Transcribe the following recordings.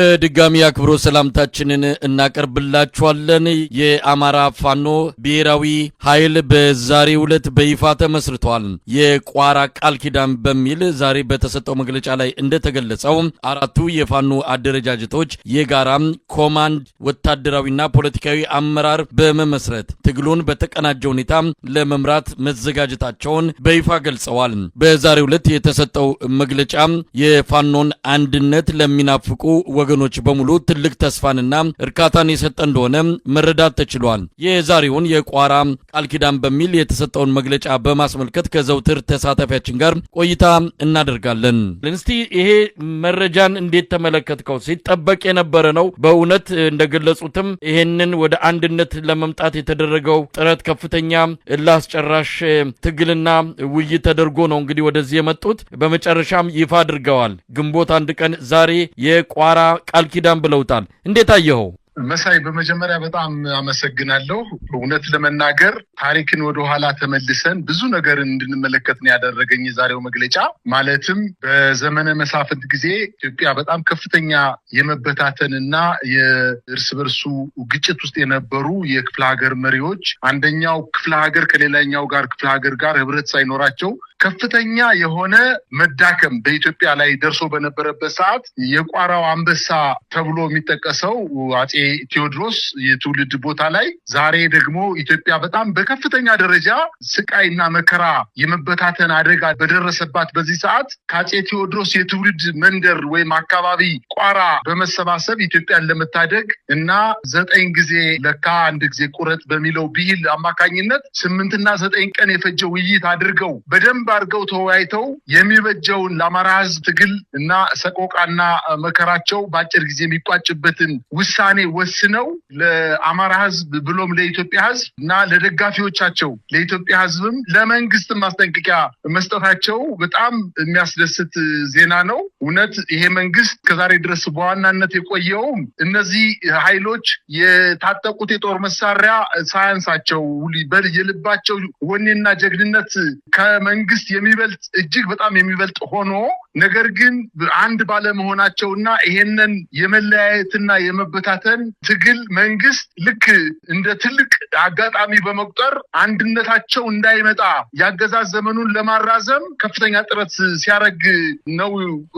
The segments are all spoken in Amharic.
በድጋሚ አክብሮ ሰላምታችንን እናቀርብላችኋለን። የአማራ ፋኖ ብሔራዊ ኃይል በዛሬው ዕለት በይፋ ተመስርቷል። የቋራ ቃል ኪዳን በሚል ዛሬ በተሰጠው መግለጫ ላይ እንደተገለጸው አራቱ የፋኖ አደረጃጀቶች የጋራ ኮማንድ ወታደራዊና ፖለቲካዊ አመራር በመመስረት ትግሉን በተቀናጀ ሁኔታ ለመምራት መዘጋጀታቸውን በይፋ ገልጸዋል። በዛሬው ዕለት የተሰጠው መግለጫ የፋኖን አንድነት ለሚናፍቁ ወገ ወገኖች በሙሉ ትልቅ ተስፋንና እርካታን የሰጠ እንደሆነ መረዳት ተችሏል። የዛሬውን የቋራ ቃል ኪዳን በሚል የተሰጠውን መግለጫ በማስመልከት ከዘውትር ተሳታፊያችን ጋር ቆይታ እናደርጋለን። እስቲ ይሄ መረጃን እንዴት ተመለከትከው? ሲጠበቅ የነበረ ነው። በእውነት እንደገለጹትም ይሄንን ወደ አንድነት ለመምጣት የተደረገው ጥረት ከፍተኛ እላስጨራሽ ትግልና ውይይት ተደርጎ ነው እንግዲህ ወደዚህ የመጡት። በመጨረሻም ይፋ አድርገዋል። ግንቦት አንድ ቀን ዛሬ የቋራ ቃል ኪዳን ብለውታል። እንዴት አየኸው? መሳይ በመጀመሪያ በጣም አመሰግናለሁ። እውነት ለመናገር ታሪክን ወደኋላ ተመልሰን ብዙ ነገርን እንድንመለከት ነው ያደረገኝ የዛሬው መግለጫ። ማለትም በዘመነ መሳፍንት ጊዜ ኢትዮጵያ በጣም ከፍተኛ የመበታተንና የእርስ በርሱ ግጭት ውስጥ የነበሩ የክፍለ ሀገር መሪዎች አንደኛው ክፍለ ሀገር ከሌላኛው ጋር ክፍለ ሀገር ጋር ህብረት ሳይኖራቸው ከፍተኛ የሆነ መዳከም በኢትዮጵያ ላይ ደርሶ በነበረበት ሰዓት የቋራው አንበሳ ተብሎ የሚጠቀሰው አፄ ቴዎድሮስ የትውልድ ቦታ ላይ ዛሬ ደግሞ ኢትዮጵያ በጣም በከፍተኛ ደረጃ ስቃይና መከራ የመበታተን አደጋ በደረሰባት በዚህ ሰዓት ከአፄ ቴዎድሮስ የትውልድ መንደር ወይም አካባቢ ቋራ በመሰባሰብ ኢትዮጵያን ለመታደግ እና ዘጠኝ ጊዜ ለካ አንድ ጊዜ ቁረጥ በሚለው ብሂል አማካኝነት ስምንትና ዘጠኝ ቀን የፈጀ ውይይት አድርገው በደንብ አድርገው ተወያይተው የሚበጀውን ለአማራ ህዝብ ትግል እና ሰቆቃና መከራቸው በአጭር ጊዜ የሚቋጭበትን ውሳኔ ወስነው ለአማራ ህዝብ ብሎም ለኢትዮጵያ ህዝብ እና ለደጋፊዎቻቸው ለኢትዮጵያ ህዝብም ለመንግስትም ማስጠንቀቂያ መስጠታቸው በጣም የሚያስደስት ዜና ነው። እውነት ይሄ መንግስት ከዛሬ ድረስ በዋናነት የቆየውም እነዚህ ኃይሎች የታጠቁት የጦር መሳሪያ ሳያንሳቸው የልባቸው ወኔና ጀግንነት ከመንግስት መንግስት የሚበልጥ እጅግ በጣም የሚበልጥ ሆኖ ነገር ግን አንድ ባለመሆናቸው እና ይሄንን የመለያየትና የመበታተን ትግል መንግስት ልክ እንደ ትልቅ አጋጣሚ በመቁጠር አንድነታቸው እንዳይመጣ ያገዛዝ ዘመኑን ለማራዘም ከፍተኛ ጥረት ሲያደርግ ነው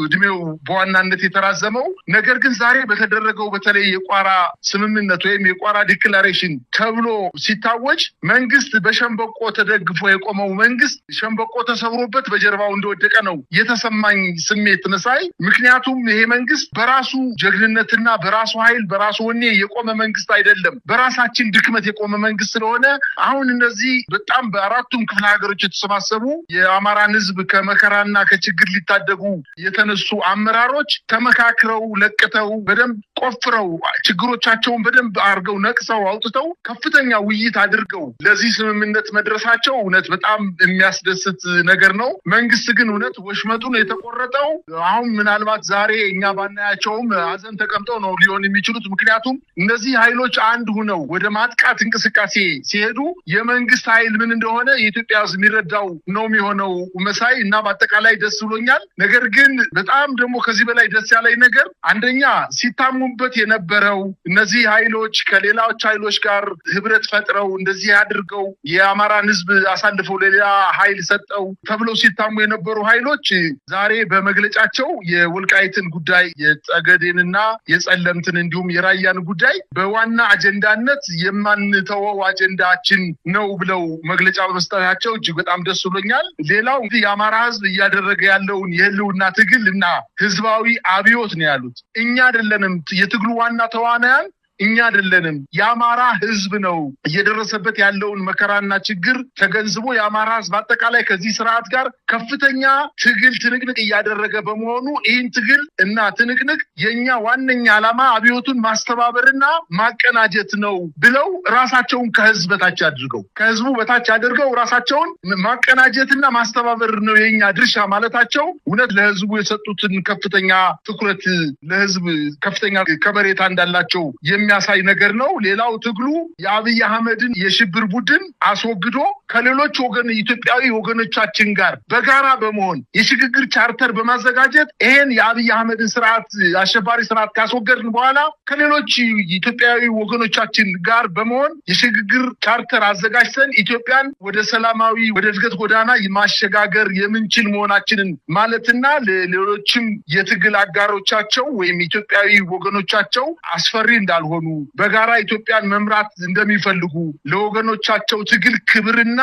እድሜው በዋናነት የተራዘመው። ነገር ግን ዛሬ በተደረገው በተለይ የቋራ ስምምነት ወይም የቋራ ዲክላሬሽን ተብሎ ሲታወጅ መንግስት በሸንበቆ ተደግፎ የቆመው መንግስት ሸንበቆ ተሰብሮበት በጀርባው እንደወደቀ ነው የተሰማኝ ስሜት መሳይ። ምክንያቱም ይሄ መንግስት በራሱ ጀግንነትና በራሱ ኃይል በራሱ ወኔ የቆመ መንግስት አይደለም። በራሳችን ድክመት የቆመ መንግስት ስለሆነ አሁን እነዚህ በጣም በአራቱም ክፍለ ሀገሮች የተሰባሰቡ የአማራን ህዝብ ከመከራና ከችግር ሊታደጉ የተነሱ አመራሮች ተመካክረው ለቅተው በደንብ ቆፍረው ችግሮቻቸውን በደንብ አርገው ነቅሰው አውጥተው ከፍተኛ ውይይት አድርገው ለዚህ ስምምነት መድረሳቸው እውነት በጣም የሚያስደስት ነገር ነው። መንግስት ግን እውነት ወሽመጡን የተቆ የተቆረጠው አሁን ምናልባት ዛሬ እኛ ባናያቸውም አዘን ተቀምጠው ነው ሊሆን የሚችሉት። ምክንያቱም እነዚህ ኃይሎች አንድ ሁነው ወደ ማጥቃት እንቅስቃሴ ሲሄዱ የመንግስት ኃይል ምን እንደሆነ የኢትዮጵያ ሕዝብ የሚረዳው ነው የሚሆነው መሳይ እና በአጠቃላይ ደስ ብሎኛል። ነገር ግን በጣም ደግሞ ከዚህ በላይ ደስ ያለኝ ነገር አንደኛ ሲታሙበት የነበረው እነዚህ ኃይሎች ከሌላዎች ኃይሎች ጋር ህብረት ፈጥረው እንደዚህ አድርገው የአማራን ሕዝብ አሳልፈው ለሌላ ኃይል ሰጠው ተብለው ሲታሙ የነበሩ ኃይሎች ዛሬ በመግለጫቸው የወልቃይትን ጉዳይ የጠገዴንና የጸለምትን እንዲሁም የራያን ጉዳይ በዋና አጀንዳነት የማንተወው አጀንዳችን ነው ብለው መግለጫ በመስጠታቸው እጅግ በጣም ደስ ብሎኛል። ሌላው እንግዲህ የአማራ ህዝብ እያደረገ ያለውን የህልውና ትግል እና ህዝባዊ አብዮት ነው ያሉት። እኛ አይደለንም የትግሉ ዋና ተዋናያን እኛ አይደለንም፣ የአማራ ህዝብ ነው እየደረሰበት ያለውን መከራና ችግር ተገንዝቦ የአማራ ህዝብ አጠቃላይ ከዚህ ስርዓት ጋር ከፍተኛ ትግል ትንቅንቅ እያደረገ በመሆኑ ይህን ትግል እና ትንቅንቅ የእኛ ዋነኛ ዓላማ አብዮቱን ማስተባበርና ማቀናጀት ነው ብለው ራሳቸውን ከህዝብ በታች አድርገው ከህዝቡ በታች አድርገው ራሳቸውን ማቀናጀትና ማስተባበር ነው የኛ ድርሻ ማለታቸው እውነት ለህዝቡ የሰጡትን ከፍተኛ ትኩረት ለህዝብ ከፍተኛ ከበሬታ እንዳላቸው የሚ የሚያሳይ ነገር ነው። ሌላው ትግሉ የአብይ አህመድን የሽብር ቡድን አስወግዶ ከሌሎች ወገን ኢትዮጵያዊ ወገኖቻችን ጋር በጋራ በመሆን የሽግግር ቻርተር በማዘጋጀት ይሄን የአብይ አህመድን ስርዓት አሸባሪ ስርዓት ካስወገድን በኋላ ከሌሎች ኢትዮጵያዊ ወገኖቻችን ጋር በመሆን የሽግግር ቻርተር አዘጋጅተን ኢትዮጵያን ወደ ሰላማዊ ወደ እድገት ጎዳና ማሸጋገር የምንችል መሆናችንን ማለትና ለሌሎችም የትግል አጋሮቻቸው ወይም ኢትዮጵያዊ ወገኖቻቸው አስፈሪ እንዳልሆኑ እንደሆኑ በጋራ ኢትዮጵያን መምራት እንደሚፈልጉ ለወገኖቻቸው ትግል ክብርና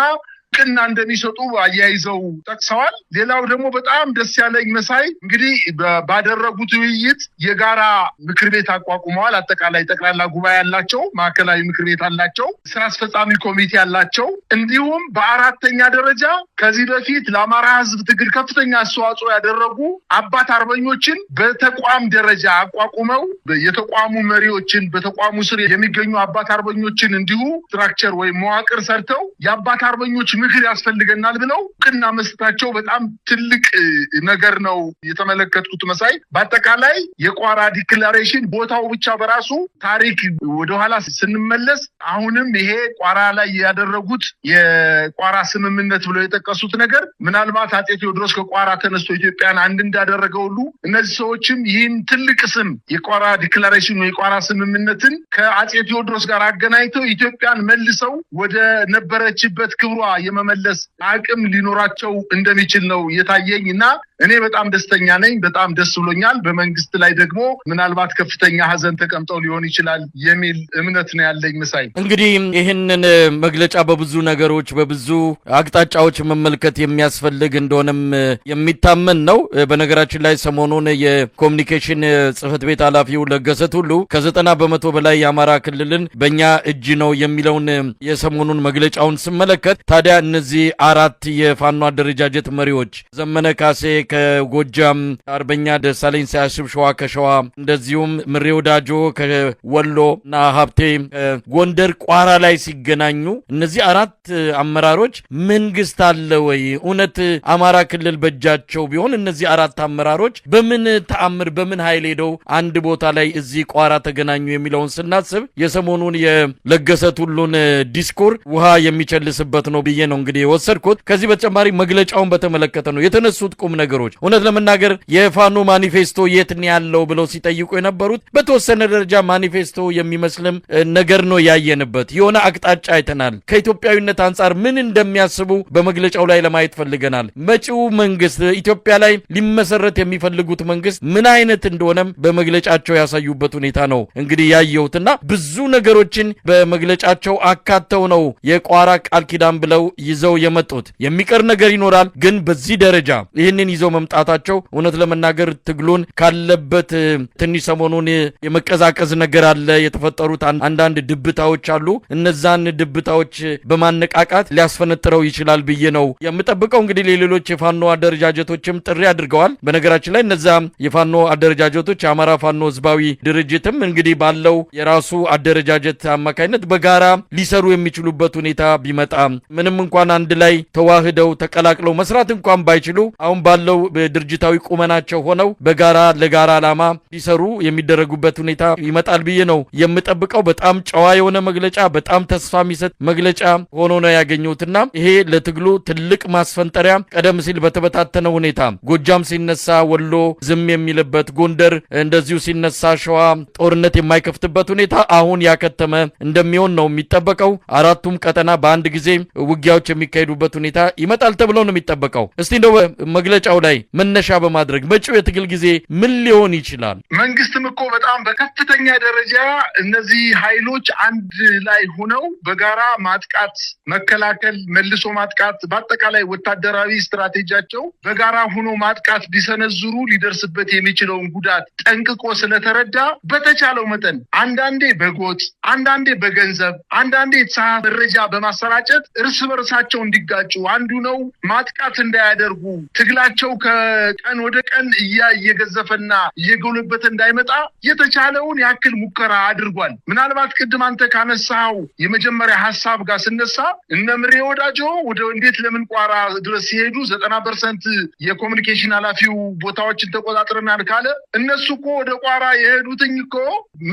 እውቅና እንደሚሰጡ አያይዘው ጠቅሰዋል። ሌላው ደግሞ በጣም ደስ ያለኝ መሳይ እንግዲህ ባደረጉት ውይይት የጋራ ምክር ቤት አቋቁመዋል። አጠቃላይ ጠቅላላ ጉባኤ ያላቸው፣ ማዕከላዊ ምክር ቤት አላቸው፣ ስራ አስፈጻሚ ኮሚቴ አላቸው። እንዲሁም በአራተኛ ደረጃ ከዚህ በፊት ለአማራ ሕዝብ ትግል ከፍተኛ አስተዋጽኦ ያደረጉ አባት አርበኞችን በተቋም ደረጃ አቋቁመው የተቋሙ መሪዎችን በተቋሙ ስር የሚገኙ አባት አርበኞችን እንዲሁ ስትራክቸር ወይም መዋቅር ሰርተው የአባት አርበኞች ምክር ያስፈልገናል ብለው እውቅና መስጠታቸው በጣም ትልቅ ነገር ነው የተመለከትኩት። መሳይ በአጠቃላይ የቋራ ዲክላሬሽን ቦታው ብቻ በራሱ ታሪክ ወደኋላ ስንመለስ አሁንም ይሄ ቋራ ላይ ያደረጉት የቋራ ስምምነት ብለው የጠቀሱት ነገር ምናልባት አፄ ቴዎድሮስ ከቋራ ተነስቶ ኢትዮጵያን አንድ እንዳደረገ ሁሉ እነዚህ ሰዎችም ይህን ትልቅ ስም የቋራ ዲክላሬሽን የቋራ ስምምነትን ከአፄ ቴዎድሮስ ጋር አገናኝተው ኢትዮጵያን መልሰው ወደ ነበረችበት ክብሯ የመመለስ አቅም ሊኖራቸው እንደሚችል ነው እየታየኝ እና እኔ በጣም ደስተኛ ነኝ። በጣም ደስ ብሎኛል። በመንግስት ላይ ደግሞ ምናልባት ከፍተኛ ሀዘን ተቀምጠው ሊሆን ይችላል የሚል እምነት ነው ያለኝ። ምሳይ እንግዲህ ይህንን መግለጫ በብዙ ነገሮች በብዙ አቅጣጫዎች መመልከት የሚያስፈልግ እንደሆነም የሚታመን ነው። በነገራችን ላይ ሰሞኑን የኮሚኒኬሽን ጽህፈት ቤት ኃላፊው ለገሰት ሁሉ ከዘጠና በመቶ በላይ የአማራ ክልልን በእኛ እጅ ነው የሚለውን የሰሞኑን መግለጫውን ስመለከት ታዲያ እነዚህ አራት የፋኖ አደረጃጀት መሪዎች ዘመነ ካሴ ከጎጃም አርበኛ ደሳለኝ ሳያስብ ሸዋ ከሸዋ እንደዚሁም ምሬ ወዳጆ ከወሎ እና ሀብቴ ጎንደር ቋራ ላይ ሲገናኙ እነዚህ አራት አመራሮች መንግስት አለ ወይ? እውነት አማራ ክልል በእጃቸው ቢሆን እነዚህ አራት አመራሮች በምን ተአምር በምን ኃይል ሄደው አንድ ቦታ ላይ እዚህ ቋራ ተገናኙ የሚለውን ስናስብ የሰሞኑን የለገሰት ሁሉን ዲስኩር ውሃ የሚቸልስበት ነው ብዬ ነው እንግዲህ የወሰድኩት። ከዚህ በተጨማሪ መግለጫውን በተመለከተ ነው የተነሱት ቁም ነገሮች ነገሮች እውነት ለመናገር የፋኖ ማኒፌስቶ የት ነው ያለው ብለው ሲጠይቁ የነበሩት በተወሰነ ደረጃ ማኒፌስቶ የሚመስልም ነገር ነው ያየንበት። የሆነ አቅጣጫ አይተናል። ከኢትዮጵያዊነት አንጻር ምን እንደሚያስቡ በመግለጫው ላይ ለማየት ፈልገናል። መጪው መንግስት ኢትዮጵያ ላይ ሊመሰረት የሚፈልጉት መንግስት ምን አይነት እንደሆነም በመግለጫቸው ያሳዩበት ሁኔታ ነው እንግዲህ ያየሁትና ብዙ ነገሮችን በመግለጫቸው አካተው ነው የቋራ ቃል ኪዳን ብለው ይዘው የመጡት። የሚቀር ነገር ይኖራል፣ ግን በዚህ ደረጃ ይህንን ይዘው ይዘው መምጣታቸው እውነት ለመናገር ትግሉን ካለበት ትንሽ ሰሞኑን የመቀዛቀዝ ነገር አለ። የተፈጠሩት አንዳንድ ድብታዎች አሉ። እነዛን ድብታዎች በማነቃቃት ሊያስፈነጥረው ይችላል ብዬ ነው የምጠብቀው። እንግዲህ ሌሎች የፋኖ አደረጃጀቶችም ጥሪ አድርገዋል። በነገራችን ላይ እነዛ የፋኖ አደረጃጀቶች የአማራ ፋኖ ህዝባዊ ድርጅትም እንግዲህ ባለው የራሱ አደረጃጀት አማካኝነት በጋራ ሊሰሩ የሚችሉበት ሁኔታ ቢመጣ ምንም እንኳን አንድ ላይ ተዋህደው ተቀላቅለው መስራት እንኳን ባይችሉ አሁን ባለው ድርጅታዊ ቁመናቸው ሆነው በጋራ ለጋራ ዓላማ ሊሰሩ የሚደረጉበት ሁኔታ ይመጣል ብዬ ነው የምጠብቀው። በጣም ጨዋ የሆነ መግለጫ፣ በጣም ተስፋ የሚሰጥ መግለጫ ሆኖ ነው ያገኘሁትና ይሄ ለትግሉ ትልቅ ማስፈንጠሪያ ቀደም ሲል በተበታተነ ሁኔታ ጎጃም ሲነሳ ወሎ ዝም የሚልበት፣ ጎንደር እንደዚሁ ሲነሳ ሸዋ ጦርነት የማይከፍትበት ሁኔታ አሁን ያከተመ እንደሚሆን ነው የሚጠበቀው። አራቱም ቀጠና በአንድ ጊዜ ውጊያዎች የሚካሄዱበት ሁኔታ ይመጣል ተብሎ ነው የሚጠበቀው። እስቲ እንደው መግለጫው ላይ ላይ መነሻ በማድረግ መጪው የትግል ጊዜ ምን ሊሆን ይችላል? መንግስትም እኮ በጣም በከፍተኛ ደረጃ እነዚህ ኃይሎች አንድ ላይ ሆነው በጋራ ማጥቃት፣ መከላከል፣ መልሶ ማጥቃት፣ በአጠቃላይ ወታደራዊ ስትራቴጂያቸው በጋራ ሆኖ ማጥቃት ቢሰነዝሩ ሊደርስበት የሚችለውን ጉዳት ጠንቅቆ ስለተረዳ በተቻለው መጠን አንዳንዴ በጎጥ አንዳንዴ በገንዘብ አንዳንዴ የተሳሳተ መረጃ በማሰራጨት እርስ በርሳቸው እንዲጋጩ አንዱ ነው ማጥቃት እንዳያደርጉ ትግላቸው ሰው ከቀን ወደ ቀን እያ እየገዘፈና እየጎለበተ እንዳይመጣ የተቻለውን ያክል ሙከራ አድርጓል። ምናልባት ቅድም አንተ ካነሳው የመጀመሪያ ሀሳብ ጋር ስነሳ እነ ምሬ ወዳጆ ወደ እንዴት ለምን ቋራ ድረስ ሲሄዱ ዘጠና ፐርሰንት የኮሚኒኬሽን ኃላፊው ቦታዎችን ተቆጣጥረናል ካለ እነሱ እኮ ወደ ቋራ የሄዱትኝ እኮ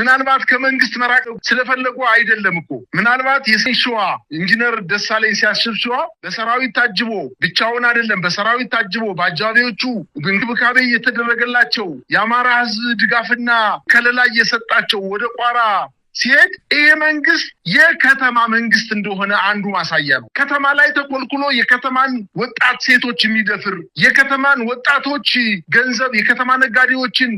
ምናልባት ከመንግስት መራቅ ስለፈለጉ አይደለም እኮ ምናልባት የሸዋ ኢንጂነር ደሳለኝ ሲያስብ ሸዋ በሰራዊት ታጅቦ ብቻውን አይደለም በሰራዊት ታጅቦ በአጃ ታዛቢዎቹ እንክብካቤ እየተደረገላቸው የአማራ ህዝብ ድጋፍና ከለላ እየሰጣቸው ወደ ቋራ ሲሄድ ይህ መንግስት የከተማ መንግስት እንደሆነ አንዱ ማሳያ ነው። ከተማ ላይ ተቆልቁሎ የከተማን ወጣት ሴቶች የሚደፍር የከተማን ወጣቶች ገንዘብ የከተማ ነጋዴዎችን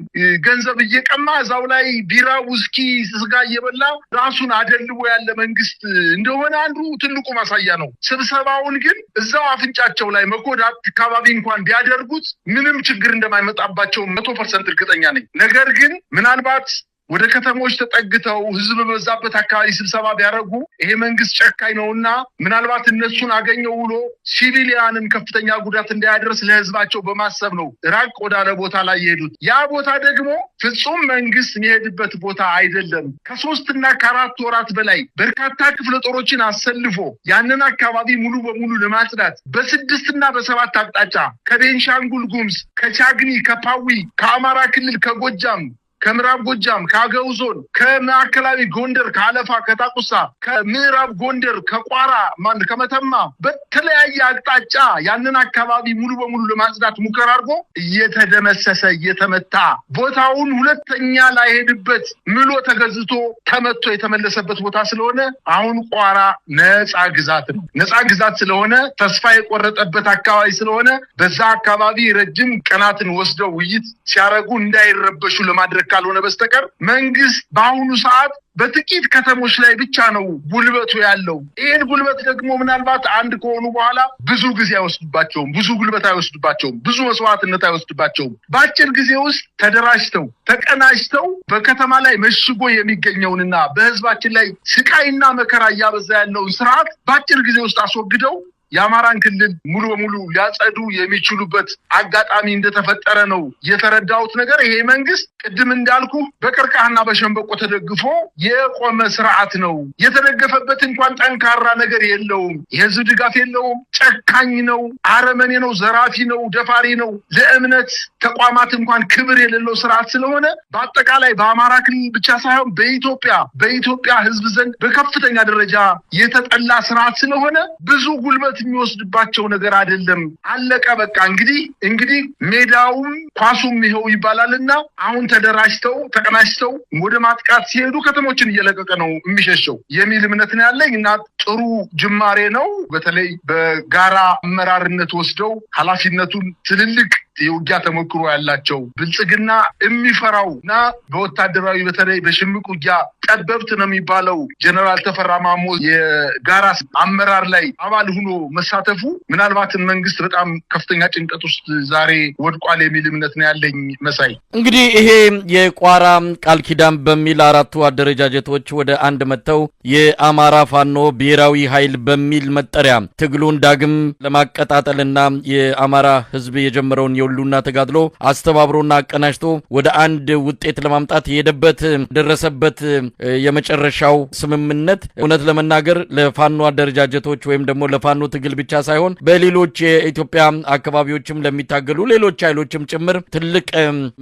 ገንዘብ እየቀማ እዛው ላይ ቢራ፣ ውስኪ፣ ስጋ እየበላ ራሱን አደልቦ ያለ መንግስት እንደሆነ አንዱ ትልቁ ማሳያ ነው። ስብሰባውን ግን እዛው አፍንጫቸው ላይ መኮዳት አካባቢ እንኳን ቢያደርጉት ምንም ችግር እንደማይመጣባቸው መቶ ፐርሰንት እርግጠኛ ነኝ። ነገር ግን ምናልባት ወደ ከተሞች ተጠግተው ህዝብ በበዛበት አካባቢ ስብሰባ ቢያደርጉ ይሄ መንግስት ጨካኝ ነውና ምናልባት እነሱን አገኘው ውሎ ሲቪሊያንም ከፍተኛ ጉዳት እንዳያደርስ ለህዝባቸው በማሰብ ነው ራቅ ወዳለ ቦታ ላይ የሄዱት። ያ ቦታ ደግሞ ፍጹም መንግስት የሚሄድበት ቦታ አይደለም። ከሶስትና ከአራት ወራት በላይ በርካታ ክፍለ ጦሮችን አሰልፎ ያንን አካባቢ ሙሉ በሙሉ ለማጽዳት በስድስትና በሰባት አቅጣጫ ከቤንሻንጉል ጉምዝ፣ ከቻግኒ፣ ከፓዊ፣ ከአማራ ክልል፣ ከጎጃም ከምዕራብ ጎጃም፣ ከአገው ዞን፣ ከማዕከላዊ ጎንደር፣ ከአለፋ፣ ከታቁሳ ከምዕራብ ጎንደር፣ ከቋራ ማን ከመተማ በተለያየ አቅጣጫ ያንን አካባቢ ሙሉ በሙሉ ለማጽዳት ሙከራ አድርጎ እየተደመሰሰ እየተመታ ቦታውን ሁለተኛ ላይሄድበት ምሎ ተገዝቶ ተመቶ የተመለሰበት ቦታ ስለሆነ አሁን ቋራ ነፃ ግዛት ነው። ነፃ ግዛት ስለሆነ ተስፋ የቆረጠበት አካባቢ ስለሆነ በዛ አካባቢ ረጅም ቀናትን ወስደው ውይይት ሲያደርጉ እንዳይረበሹ ለማድረግ ካልሆነ በስተቀር መንግስት በአሁኑ ሰዓት በጥቂት ከተሞች ላይ ብቻ ነው ጉልበቱ ያለው። ይህን ጉልበት ደግሞ ምናልባት አንድ ከሆኑ በኋላ ብዙ ጊዜ አይወስድባቸውም፣ ብዙ ጉልበት አይወስድባቸውም፣ ብዙ መስዋዕትነት አይወስድባቸውም። በአጭር ጊዜ ውስጥ ተደራጅተው ተቀናጅተው በከተማ ላይ መሽጎ የሚገኘውንና በህዝባችን ላይ ስቃይና መከራ እያበዛ ያለውን ስርዓት በአጭር ጊዜ ውስጥ አስወግደው የአማራን ክልል ሙሉ በሙሉ ሊያጸዱ የሚችሉበት አጋጣሚ እንደተፈጠረ ነው የተረዳሁት ነገር። ይሄ መንግስት ቅድም እንዳልኩ በቅርቃህና በሸንበቆ ተደግፎ የቆመ ስርዓት ነው። የተደገፈበት እንኳን ጠንካራ ነገር የለውም። የህዝብ ድጋፍ የለውም። ጨካኝ ነው፣ አረመኔ ነው፣ ዘራፊ ነው፣ ደፋሪ ነው። ለእምነት ተቋማት እንኳን ክብር የሌለው ስርዓት ስለሆነ በአጠቃላይ በአማራ ክልል ብቻ ሳይሆን በኢትዮጵያ በኢትዮጵያ ህዝብ ዘንድ በከፍተኛ ደረጃ የተጠላ ስርዓት ስለሆነ ብዙ ጉልበት ትኩረት የሚወስድባቸው ነገር አይደለም። አለቀ በቃ። እንግዲህ እንግዲህ ሜዳውም ኳሱም ይኸው ይባላልና አሁን ተደራጅተው ተቀናጅተው ወደ ማጥቃት ሲሄዱ ከተሞችን እየለቀቀ ነው የሚሸሸው የሚል እምነት ነው ያለኝ እና ጥሩ ጅማሬ ነው። በተለይ በጋራ አመራርነት ወስደው ኃላፊነቱን ትልልቅ የውጊያ ተሞክሮ ያላቸው ብልጽግና የሚፈራው እና በወታደራዊ በተለይ በሽምቅ ውጊያ ጠበብት ነው የሚባለው ጀነራል ተፈራ ማሞ የጋራ አመራር ላይ አባል ሆኖ መሳተፉ ምናልባትን መንግስት በጣም ከፍተኛ ጭንቀት ውስጥ ዛሬ ወድቋል የሚል እምነት ነው ያለኝ። መሳይ እንግዲህ ይሄ የቋራ ቃል ኪዳን በሚል አራቱ አደረጃጀቶች ወደ አንድ መጥተው የአማራ ፋኖ ብሔራዊ ኃይል በሚል መጠሪያ ትግሉን ዳግም ለማቀጣጠልና የአማራ ህዝብ የጀመረውን ሁሉና ተጋድሎ አስተባብሮና አቀናጅቶ ወደ አንድ ውጤት ለማምጣት የሄደበት ደረሰበት የመጨረሻው ስምምነት እውነት ለመናገር ለፋኖ አደረጃጀቶች ወይም ደግሞ ለፋኖ ትግል ብቻ ሳይሆን በሌሎች የኢትዮጵያ አካባቢዎችም ለሚታገሉ ሌሎች ኃይሎችም ጭምር ትልቅ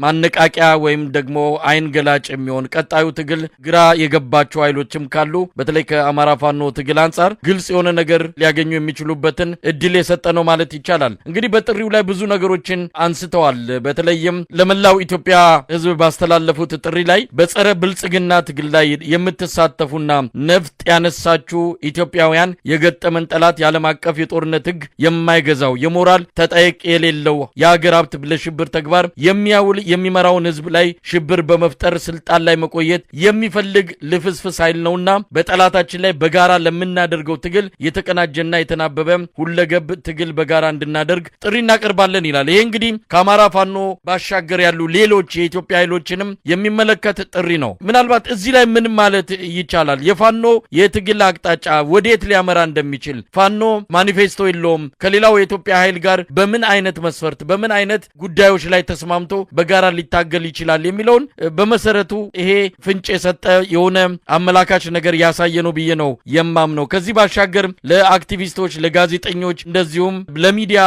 ማነቃቂያ ወይም ደግሞ አይን ገላጭ የሚሆን ቀጣዩ ትግል ግራ የገባቸው ኃይሎችም ካሉ በተለይ ከአማራ ፋኖ ትግል አንጻር ግልጽ የሆነ ነገር ሊያገኙ የሚችሉበትን እድል የሰጠ ነው ማለት ይቻላል። እንግዲህ በጥሪው ላይ ብዙ ነገሮችን አንስተዋል። በተለይም ለመላው ኢትዮጵያ ሕዝብ ባስተላለፉት ጥሪ ላይ በጸረ ብልጽግና ትግል ላይ የምትሳተፉና ነፍጥ ያነሳችሁ ኢትዮጵያውያን የገጠመን ጠላት የዓለም አቀፍ የጦርነት ሕግ የማይገዛው የሞራል ተጠየቅ የሌለው የአገር ሀብት ለሽብር ተግባር የሚያውል የሚመራውን ሕዝብ ላይ ሽብር በመፍጠር ስልጣን ላይ መቆየት የሚፈልግ ልፍስፍስ ኃይል ነውና በጠላታችን ላይ በጋራ ለምናደርገው ትግል የተቀናጀና የተናበበ ሁለገብ ትግል በጋራ እንድናደርግ ጥሪ እናቀርባለን ይላል። እንግዲህ ከአማራ ፋኖ ባሻገር ያሉ ሌሎች የኢትዮጵያ ኃይሎችንም የሚመለከት ጥሪ ነው። ምናልባት እዚህ ላይ ምን ማለት ይቻላል? የፋኖ የትግል አቅጣጫ ወዴት ሊያመራ እንደሚችል ፋኖ ማኒፌስቶ የለውም። ከሌላው የኢትዮጵያ ኃይል ጋር በምን አይነት መስፈርት፣ በምን አይነት ጉዳዮች ላይ ተስማምቶ በጋራ ሊታገል ይችላል የሚለውን በመሰረቱ ይሄ ፍንጭ የሰጠ የሆነ አመላካች ነገር ያሳየ ነው ብዬ ነው የማምነው። ከዚህ ባሻገር ለአክቲቪስቶች፣ ለጋዜጠኞች እንደዚሁም ለሚዲያ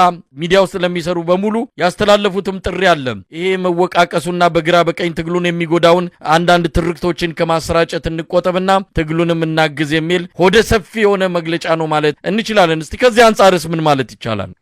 ሚዲያ ውስጥ ለሚሰሩ በሙሉ ያስተላለፉትም ጥሪ አለ። ይሄ መወቃቀሱና በግራ በቀኝ ትግሉን የሚጎዳውን አንዳንድ ትርክቶችን ከማሰራጨት እንቆጠብና ትግሉንም እናግዝ የሚል ሆደ ሰፊ የሆነ መግለጫ ነው ማለት እንችላለን። እስቲ ከዚህ አንጻርስ ምን ማለት ይቻላል?